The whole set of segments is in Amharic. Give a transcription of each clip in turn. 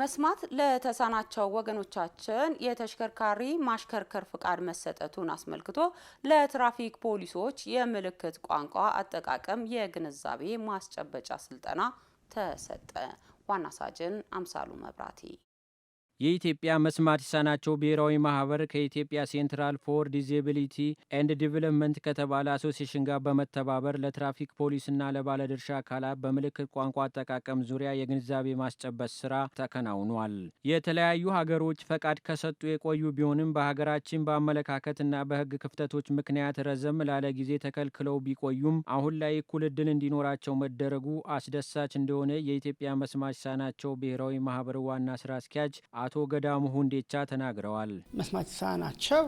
መስማት ለተሳናቸው ወገኖቻችን የተሽከርካሪ ማሽከርከር ፍቃድ መሰጠቱን አስመልክቶ ለትራፊክ ፖሊሶች የምልክት ቋንቋ አጠቃቀም የግንዛቤ ማስጨበጫ ስልጠና ተሰጠ። ዋና ሳጅን አምሳሉ መብራቴ የኢትዮጵያ መስማት የተሳናቸው ብሔራዊ ማህበር ከኢትዮጵያ ሴንትራል ፎር ዲዜቢሊቲ ኤንድ ዲቨሎፕመንት ከተባለ አሶሲሽን ጋር በመተባበር ለትራፊክ ፖሊስና ለባለድርሻ አካላት በምልክት ቋንቋ አጠቃቀም ዙሪያ የግንዛቤ ማስጨበስ ስራ ተከናውኗል። የተለያዩ ሀገሮች ፈቃድ ከሰጡ የቆዩ ቢሆንም በሀገራችን በአመለካከትና በህግ ክፍተቶች ምክንያት ረዘም ላለ ጊዜ ተከልክለው ቢቆዩም አሁን ላይ እኩል እድል እንዲኖራቸው መደረጉ አስደሳች እንደሆነ የኢትዮጵያ መስማት የተሳናቸው ብሔራዊ ማህበር ዋና ስራ አስኪያጅ አቶ ገዳሙ ሁንዴቻ ተናግረዋል። መስማት ሳናቸው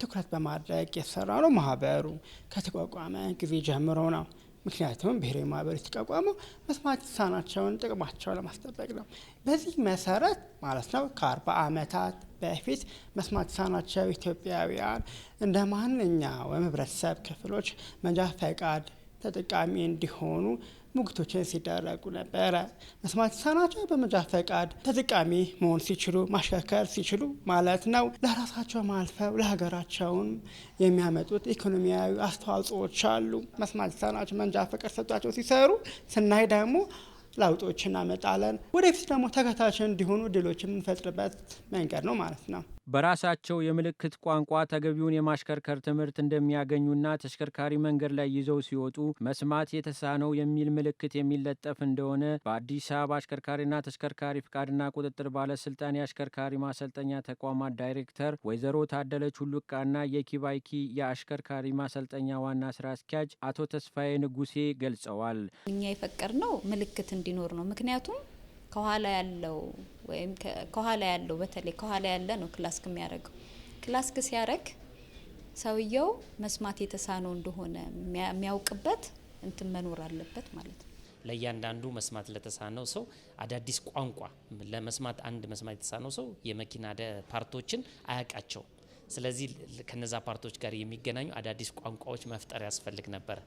ትኩረት በማድረግ የተሰራ ነው። ማህበሩ ከተቋቋመ ጊዜ ጀምሮ ነው። ምክንያቱም ብሔራዊ ማህበር የተቋቋመው መስማት የተሳናቸውን ጥቅማቸው ለማስጠበቅ ነው። በዚህ መሰረት ማለት ነው ከአርባ ዓመታት በፊት መስማት የተሳናቸው ኢትዮጵያውያን እንደ ማንኛውም ህብረተሰብ ክፍሎች መንጃ ፈቃድ ተጠቃሚ እንዲሆኑ ሙግቶችን ሲደረጉ ነበረ። መስማት የተሳናቸው በመንጃ ፈቃድ ተጠቃሚ መሆን ሲችሉ ማሽከርከር ሲችሉ ማለት ነው ለራሳቸው ማልፈው ለሀገራቸውን የሚያመጡት ኢኮኖሚያዊ አስተዋጽኦዎች አሉ። መስማት የተሳናቸው መንጃ ፈቃድ ሰጧቸው ሲሰሩ ስናይ ደግሞ ለውጦች እናመጣለን። ወደፊት ደግሞ ተከታችን እንዲሆኑ ድሎች የምንፈጥርበት መንገድ ነው ማለት ነው። በራሳቸው የምልክት ቋንቋ ተገቢውን የማሽከርከር ትምህርት እንደሚያገኙና ተሽከርካሪ መንገድ ላይ ይዘው ሲወጡ መስማት የተሳነው የሚል ምልክት የሚለጠፍ እንደሆነ በአዲስ አበባ አሽከርካሪና ተሽከርካሪ ፍቃድና ቁጥጥር ባለስልጣን የአሽከርካሪ ማሰልጠኛ ተቋማት ዳይሬክተር ወይዘሮ ታደለች ሁሉቃና የኪባይኪ የአሽከርካሪ ማሰልጠኛ ዋና ስራ አስኪያጅ አቶ ተስፋዬ ንጉሴ ገልጸዋል። እኛ የፈቀድ ነው ምልክት እንዲኖር ነው። ምክንያቱም ከኋላ ያለው ወይም ከኋላ ያለው በተለይ ከኋላ ያለ ነው ክላስክ የሚያደርገው። ክላስክ ሲያደርግ ሰውየው መስማት የተሳነው እንደሆነ የሚያውቅበት እንትን መኖር አለበት ማለት ነው። ለእያንዳንዱ መስማት ለተሳነው ሰው አዳዲስ ቋንቋ ለመስማት አንድ መስማት የተሳነው ሰው የመኪና ፓርቶችን አያውቃቸው ስለዚህ ከነዛ ፓርቶች ጋር የሚገናኙ አዳዲስ ቋንቋዎች መፍጠር ያስፈልግ ነበር።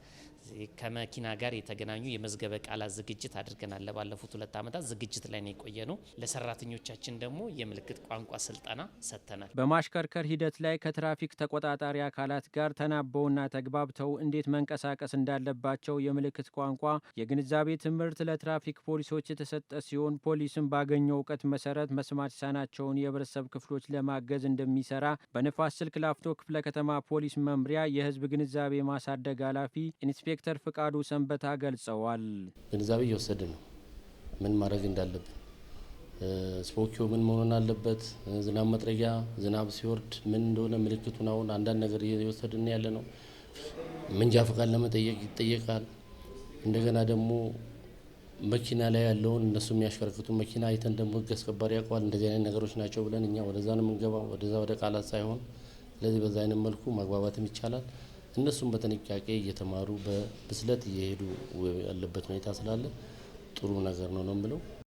ከመኪና ጋር የተገናኙ የመዝገበ ቃላት ዝግጅት አድርገናል። ለባለፉት ሁለት ዓመታት ዝግጅት ላይ ነው የቆየ ነው። ለሰራተኞቻችን ደግሞ የምልክት ቋንቋ ስልጠና ሰጥተናል። በማሽከርከር ሂደት ላይ ከትራፊክ ተቆጣጣሪ አካላት ጋር ተናበውና ተግባብተው እንዴት መንቀሳቀስ እንዳለባቸው የምልክት ቋንቋ የግንዛቤ ትምህርት ለትራፊክ ፖሊሶች የተሰጠ ሲሆን ፖሊስም ባገኘው እውቀት መሰረት መስማት የተሳናቸውን የህብረተሰብ ክፍሎች ለማገዝ እንደሚሰራ በነ በንፋስ ስልክ ላፍቶ ክፍለ ከተማ ፖሊስ መምሪያ የህዝብ ግንዛቤ ማሳደግ ኃላፊ ኢንስፔክተር ፍቃዱ ሰንበታ ገልጸዋል። ግንዛቤ እየወሰድ ነው። ምን ማድረግ እንዳለብን ስፖኪዮ ምን መሆን አለበት፣ ዝናብ መጥረጊያ ዝናብ ሲወርድ ምን እንደሆነ ምልክቱን አሁን አንዳንድ ነገር እየወሰድን ያለ ነው። መንጃ ፈቃድ ለመጠየቅ ይጠየቃል። እንደገና ደግሞ መኪና ላይ ያለውን እነሱ የሚያሽከረክቱ መኪና አይተን ደግሞ ህግ አስከባሪ ያውቀዋል እንደዚህ አይነት ነገሮች ናቸው ብለን እኛ ወደዛ ነው የምንገባው፣ ወደዛ ወደ ቃላት ሳይሆን። ስለዚህ በዛ አይነት መልኩ ማግባባትም ይቻላል። እነሱም በጥንቃቄ እየተማሩ በብስለት እየሄዱ ያለበት ሁኔታ ስላለ ጥሩ ነገር ነው ነው የምለው።